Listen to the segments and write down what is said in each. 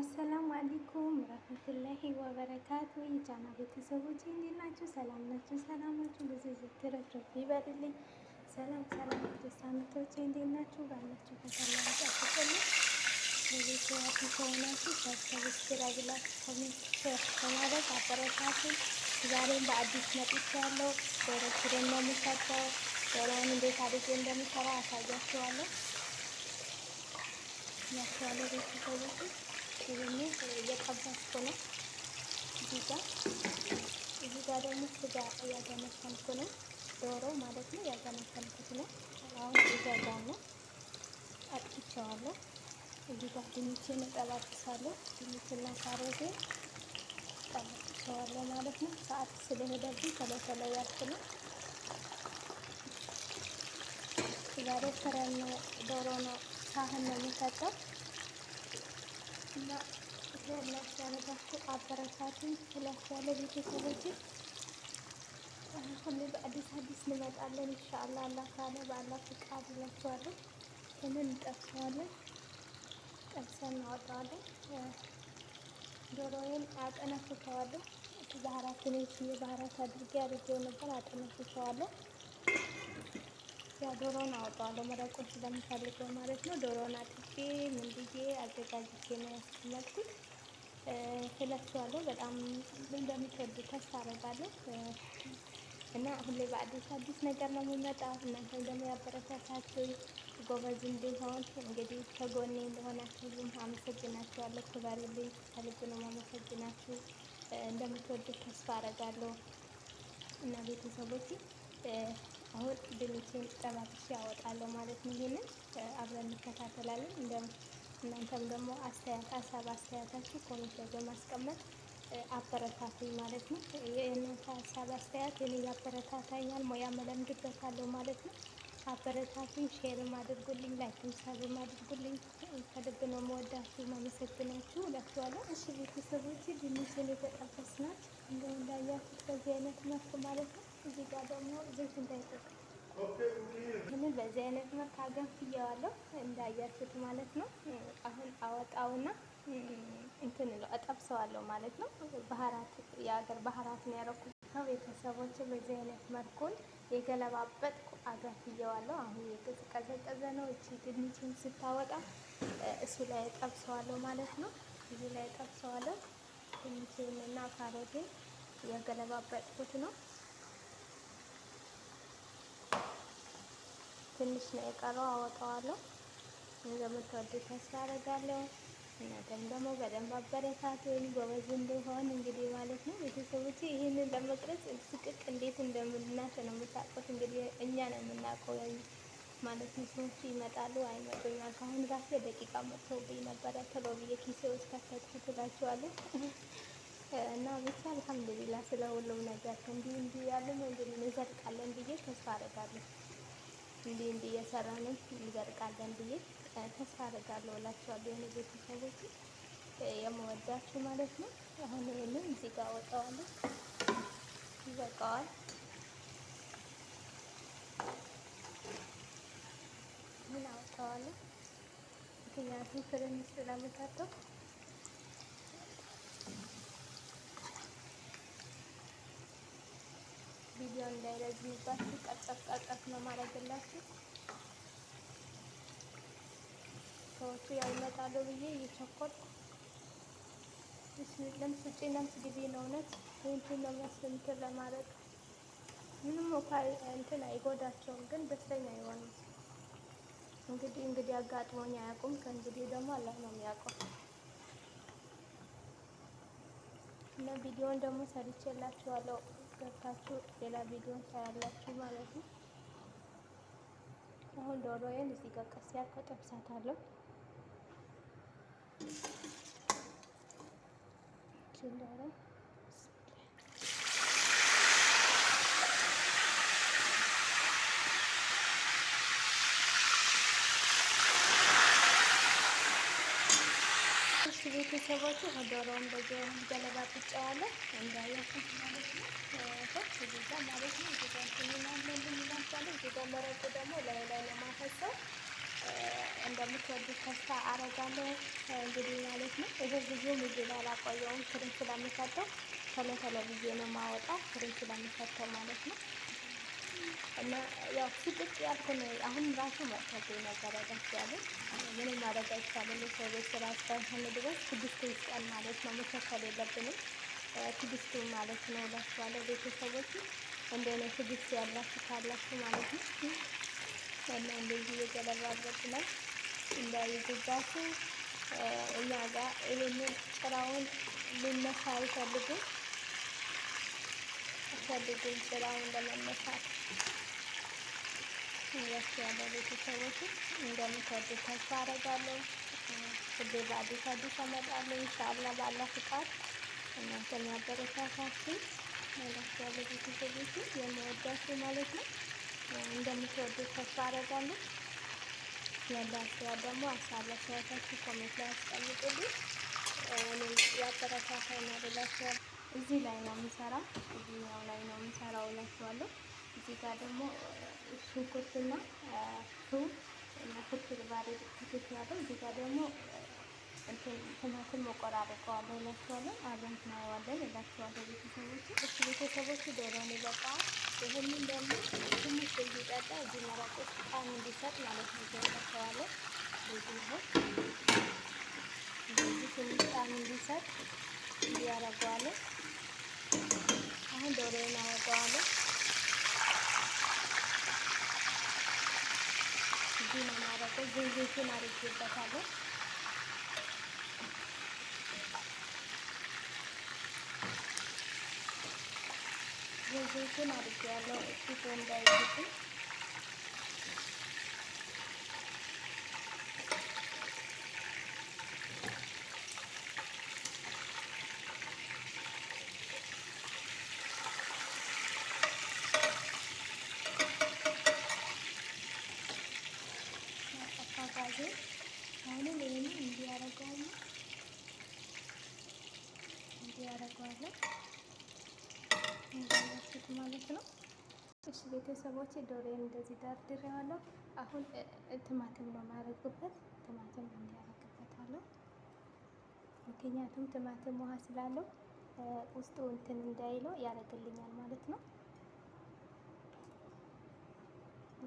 አሰላሙ አለይኩም ረህመቱላሂ ወበረካቱ የጫና ቤተሰቦች እንዴት ናችሁ? ሰላም ናችሁ? ሰላም ናችሁ? ብዙ ዝትረፍረፍ ይበልልኝ። ሰላም ሰላም ክርስቲያኖች እንዴት ናችሁ? ባላችሁ ከሰላም ጫፍቅል ለቤት ያቱ ከሆናችሁ ሰብስክራይብ፣ ላይክ፣ ኮሜንት በማድረግ አበረታቱን። ዛሬም በአዲስ መጥቻለሁ። ዶሮ ሽሮ ነው የሚሰራው። ዶሮውን እንዴት አድርጌ እንደሚሰራ አሳያችኋለሁ ያቸዋለሁ ቤተሰቦች ይህንን እየጠበስኩ ነው። እዚህ ጋር እዚህ ጋር ደግሞ ስጋ ያገነፈልኩ ነው። ዶሮ ማለት ነው ያገነፈልኩት ነው። አሁን እዛ ጋር ነው አጥፍቼዋለሁ። እዚህ ጋር ድንችን እጠባብሳለሁ። ድንችና ካሮቴ እጠባብሰዋለሁ ማለት ነው። ሰዓት ስለሄደብኝ ቶሎ ቶሎ ያልኩ ነው። ዛሬ ፍረን ዶሮ ነው ሳህን ነው የሚሰጠው እና ላይክ ያደረጋችሁ አበረታቱኝ። ላይክ ያለ ቤተሰቦችን ሁሌ በአዲስ አዲስ እንመጣለን። ኢንሻአላ አላህ ካለ በአላህ ፍቃድ እላችኋለሁ። ለምን እንጠብሰዋለን፣ ጠብሰን እናወጣዋለን። ዶሮዬን አጠነፍፈዋለሁ። ባህራት ትንሽ ባህራት አድርጌ አድርጌው ነበር አጠነፍፈዋለሁ። ያ ዶሮን አወጣዋለሁ መረቁን ስለምፈልገው ማለት ነው። ዶሮን አጥቤ ምን ብዬ አዘጋጅቼ ነው ያስቀመጥኩት እላችኋለሁ። በጣም እንደምትወዱ ተስፋ አደርጋለሁ እና ሁሌ በአዲስ አዲስ ነገር ነው የሚመጣ። እናንተ ደግሞ ያበረታታችሁ ጎበዝ እንዲሆን እንግዲህ ከጎኔ እንደሆናችሁም አመሰግናችኋለሁ። ክበሩልኝ፣ ከልብ ነው አመሰግናችሁ። እንደምትወዱ ተስፋ አደርጋለሁ እና ቤተሰቦች አሁን ድንቼን ጠባብሼ አወጣለሁ ማለት ነው። ይህንን አብረን እንከታተላለን። እንደም እናንተም ደግሞ አስተያየት ሀሳብ አስተያየታችሁ ኮሜንት ላይ በማስቀመጥ አበረታቱኝ ማለት ነው። የእናንተ ሀሳብ አስተያየት እኔ ያበረታታኛል፣ ሙያ መለምድበታለሁ ማለት ነው። አበረታቱኝ፣ ሼርም አድርጉልኝ፣ ላይክም ሰብም አድርጉልኝ። ከልብ ነው መወዳችሁ፣ መመሰግናችሁ እላችኋለሁ። እሺ ቤተሰቦች ድንችን የተጠበስናት እንደው እንዳያችሁት በዚህ አይነት መልኩ ማለት ነው እዚህ ጋር ደግሞ ዘይት እንዳይጠቅ ይህንን በዚህ አይነት መልክ አገንፍየዋለሁ እንዳያችሁት ማለት ነው። አሁን አወጣውና እንትን ነው እጠብሰዋለሁ ማለት ነው። ባህራት የሀገር ባህራት ነው ያደረኩት። ሰው ቤተሰቦች በዚህ አይነት መልኩን የገለባበጥኩ አገንፍየዋለሁ። አሁን የቀዘቀዘ ነው። እቺ ድንችን ስታወጣ እሱ ላይ እጠብሰዋለሁ ማለት ነው። እዚህ ላይ እጠብሰዋለሁ ድንችንና ካሮቴን የገለባበጥኩት ነው። ትንሽ ነው የቀረው፣ አወጣዋለሁ። እንደምትወዱት ተስፋ አደርጋለሁ። እናንተም ደግሞ በደንብ አበረታቱኝ ጎበዝ እንደሆን እንግዲህ ማለት ነው። ቤተሰቦች ይህንን ለመቅረጽ ስቅቅ እንዴት እንደምናሸ ነው የምታውቁት። እንግዲህ እኛ ነው የምናውቀው ማለት ነው። ሰዎቹ ይመጣሉ አይመጡም። ከአሁን ራሴ ደቂቃ መጥቶብኝ ነበረ ቶሎ ብዬ ኪሴ ውስጥ ከተትኩት እላችኋለሁ። እና ብቻ አልሐምዱሊላ ስለ ሁሉም ነገር እንዲህ እንዲህ ያለን እንግዲህ እንዘልቃለን ብዬ ተስፋ አደርጋለሁ። እንዲህ እንዲህ እየሰራን እንዘርቃለን ብዬ ተስፋ አደርጋለሁ እላቸዋለሁ። የኔ ቤተሰቦች የምወዳችሁ ማለት ነው። አሁን ይህንን እዚህ ጋር አወጣዋለሁ። ይበቃዋል። ምን አወጣዋለሁ? ምክንያቱም ፍሬን ውስጥ ለመታጠብ ያው እንዳይረዝምባችሁ ቀጠፍ ቀጠፍ ነው ማድረግላችሁ። ሰዎቹ ያው ይመጣሉ ብዬ እየቸኮልኩ ለምስጭ ለምስ ጊዜ ነው እውነት ይህንትን ነው የሚያስንትን ለማድረግ ምንም እንኳ እንትን አይጎዳቸውም፣ ግን ደስተኛ አይሆንም። እንግዲህ እንግዲህ አጋጥሞኝ አያውቁም። ከእንግዲህ ደግሞ አላህ ነው የሚያውቀው። እና ቪዲዮውን ደግሞ ሰርቼላችኋለሁ። ገብታችሁ ሌላ ቪዲዮን ታያላችሁ ማለት ነው። አሁን ዶሮዬን እዚህ ጋር ቀስ ያልኩ ጠብሳታለሁ። ችላ ቤተሰቦቹ ዶሮውን በገለባ ብጫዋለሁ እንዳያችሁ ማለት ነው። እዚጋ ማለት ነው እዚጋ ትንናለን መረቁ ደግሞ ላይ ላይ ለማፈሰው እንደምትወዱ ተስፋ አረጋለሁ እንግዲህ ማለት ነው። ይሄ ብዙ ምግብ አላቆየውም ፍሪጅ ስለምከተው ቶሎ ቶሎ ብዬ ነው የማወጣው ፍሪጅ ስለምከተው ማለት ነው። እና ያው ስቅቅ ያልኩን አሁን ራሱ መጥፋት የነበረበት ያለ ምን ማድረግ አይቻልም። የሰዎች ስራ እስካልሆነ ድረስ ትግስቱ ይስጠን ማለት ነው። መቸኮል የለብንም ትግስቱ ማለት ነው እላችኋለሁ። ቤተሰቦች እንደ እኔ ትግስት ያላችሁ ካላችሁ ማለት ነው እና እንደዚህ እየገለባበት ነው እንዳይጉባችሁ እኛ ጋር ይህንን ስራውን ልነሳ አይፈልጉም። የሚፈልጉን ስራውን ለመነሳት ያስ ያለ ቤተሰቦች እንደምትወዱት ተስፋ አደርጋለሁ። ሁሌ በአዲስ አዲስ አመጣለሁ። ኢንሻአላ ባላ ፍቃድ እናንተ የሚያበረታታችን ያስ ያለ ቤተሰቦች የመወዳሱ ማለት ነው። እንደምትወዱት ተስፋ አደርጋለሁ። ያላችሁ ደግሞ ሀሳብ አስተያየታችሁ ኮሜንት ላይ አስቀምጡልኝ። እኔም ያበረታታ ነው እዚህ ላይ ነው የሚሰራ፣ እዚህኛው ላይ ነው የምሰራው እላችኋለሁ። እዚህ ጋር ደግሞ ሽንኩርትና ቱም እና ፍትል ባሬድ ያለው እዚህ ጋር ደግሞ ቲማቲም መቆራረጠዋለሁ እላችኋለሁ። አብረን እናየዋለን እላችኋለሁ። ቤተሰቦች እሱ ቤተሰቦች ዶሮን ይበቃዋል። ይህንን ደግሞ ትንሽ እንዲጠጣ እዚህ መራቆች ጣም እንዲሰጥ ማለት ነው። እላችኋለሁ እንደዚህ ትንሽ ጣም እንዲሰጥ እንዲያደርገዋለን দরে নামাতে হবে ডিম আমাদেরকে গুড় দিয়েছি নারী ক্ষীরটা খাবো গুড় দিয়েছি নারী একটু কম দেয় አድርጌ አሁንም ይህን እንዲያደርገዋለሁ እንዲያደርገዋለሁ እንዳያችሁት ማለት ነው። እሺ ቤተሰቦች ዶሮዬን እንደዚህ ደርድሬዋለሁ። አሁን ቲማቲም ነው የማደርግበት። ቲማቲም እንዲያደርግበታለሁ ምክንያቱም ቲማቲም ውሃ ስላለው ውስጡ እንትን እንዳይለው ያደርግልኛል ማለት ነው።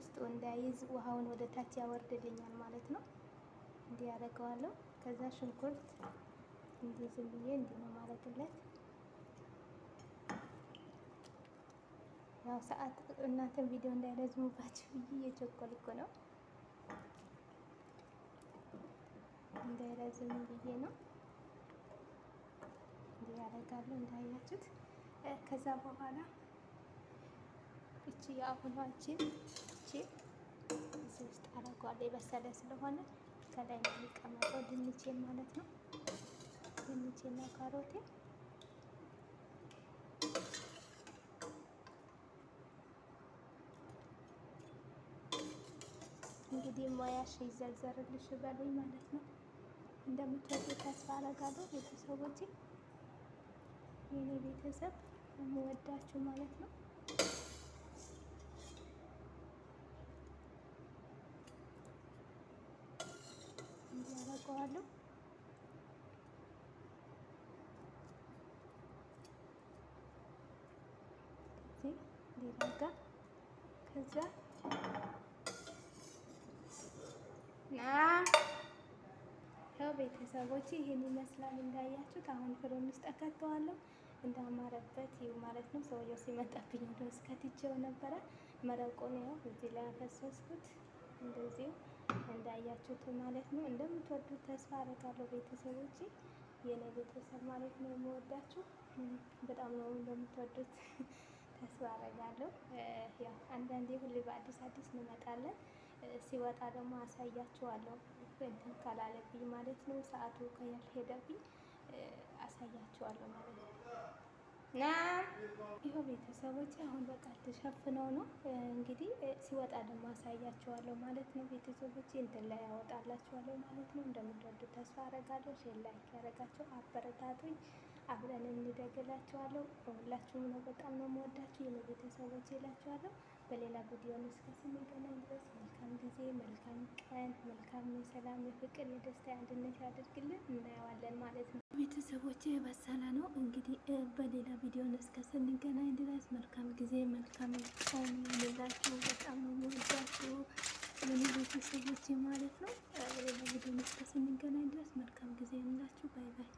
ውስጡ እንዳይዝ ውሃውን ወደ ታች ያወርድልኛል ማለት ነው። እንዲህ ያደርገዋለሁ። ከዛ ሽንኩርት እንዲህ ዝም ብዬ እንዲህ ነው ማለትለት። ያው ሰዓት እናንተን ቪዲዮ እንዳይረዝሙባችሁ ብዬ እየቸኮልኩ ነው። እንዳይረዝም ብዬ ነው እንዲህ ያደርጋለሁ እንዳያችሁት ከዛ በኋላ እቺ የአሁኗችን እቺ እዚህ ውስጥ አረጓል የበሰለ ስለሆነ ከላይ ነው የሚቀመጠው ድንቼ ማለት ነው። ድንቼና ካሮቴ እንግዲህ ሞያሽ ይዘርዘርልሽ በሉኝ ማለት ነው። እንደምትወዱ ተስፋ አረጋለሁ ቤተሰቦቼ፣ የኔ ቤተሰብ የምወዳችሁ ማለት ነው። አድርገዋለሁ። ሌላ ጋር ከዛ ያው ቤተሰቦች ይህን ይመስላል እንዳያችሁት። አሁን ፍሬም ውስጥ አካተዋለሁ እንዳማረበት ይኸው ማለት ነው። ሰውየው ሲመጣብኝ ወደ ውስጥ ከትቼው ነበረ መረቁን ያው እዚህ ላይ አፈሰስኩት እንደዚሁ እንዳያችሁት ማለት ነው። እንደምትወዱት ተስፋ አደርጋለሁ ቤተሰቦች የእኔ ቤተሰብ ማለት ነው የምወዳችሁ። በጣም ነው እንደምትወዱት ተስፋ አደርጋለሁ። ያው አንዳንዴ ሁሌ በአዲስ አዲስ እንመጣለን። ሲወጣ ደግሞ አሳያችኋለሁ። እንትን ካላለብኝ ማለት ነው ሰዓቱ ከሄደብኝ አሳያችኋለሁ ማለት ነው። ና ይኸው ቤተሰቦች አሁን በቃ ተሸፍነው ነው እንግዲህ ሲወጣ ደግሞ አሳያቸዋለሁ ማለት ነው። ቤተሰቦች እንትን ላይ ያወጣላቸዋለሁ ማለት ነው። እንደምትወዱ ተስፋ አረጋለሁ። ሼር ላይክ ያረጋቸው አበረታቱኝ። አብረን እንደግላቸዋለሁ። ሁላችሁም ነው በጣም ነው የምወዳችሁ የኔ ቤተሰቦች ይላቸዋለሁ። በሌላ ቪዲዮ እስከ ስንገናኝ ድረስ መልካም ጊዜ፣ መልካም ቀን፣ መልካም የሰላም የፍቅር፣ የደስታ፣ የአንድነት ያደርግልን። እናየዋለን ማለት ነው ቤተሰቦች የበሰለ ነው እንግዲህ በሌላ ቪዲዮ እስከ ስንገናኝ ድረስ መልካም ጊዜ፣ መልካም ቀን ይሁንላችሁ። በጣም ነው የሚወዳችሁ የኔ ቤተሰቦች ማለት ነው። በሌላ ቪዲዮ እስከ ስንገናኝ ድረስ መልካም ጊዜ ይሁንላችሁ። ባይ ባይ።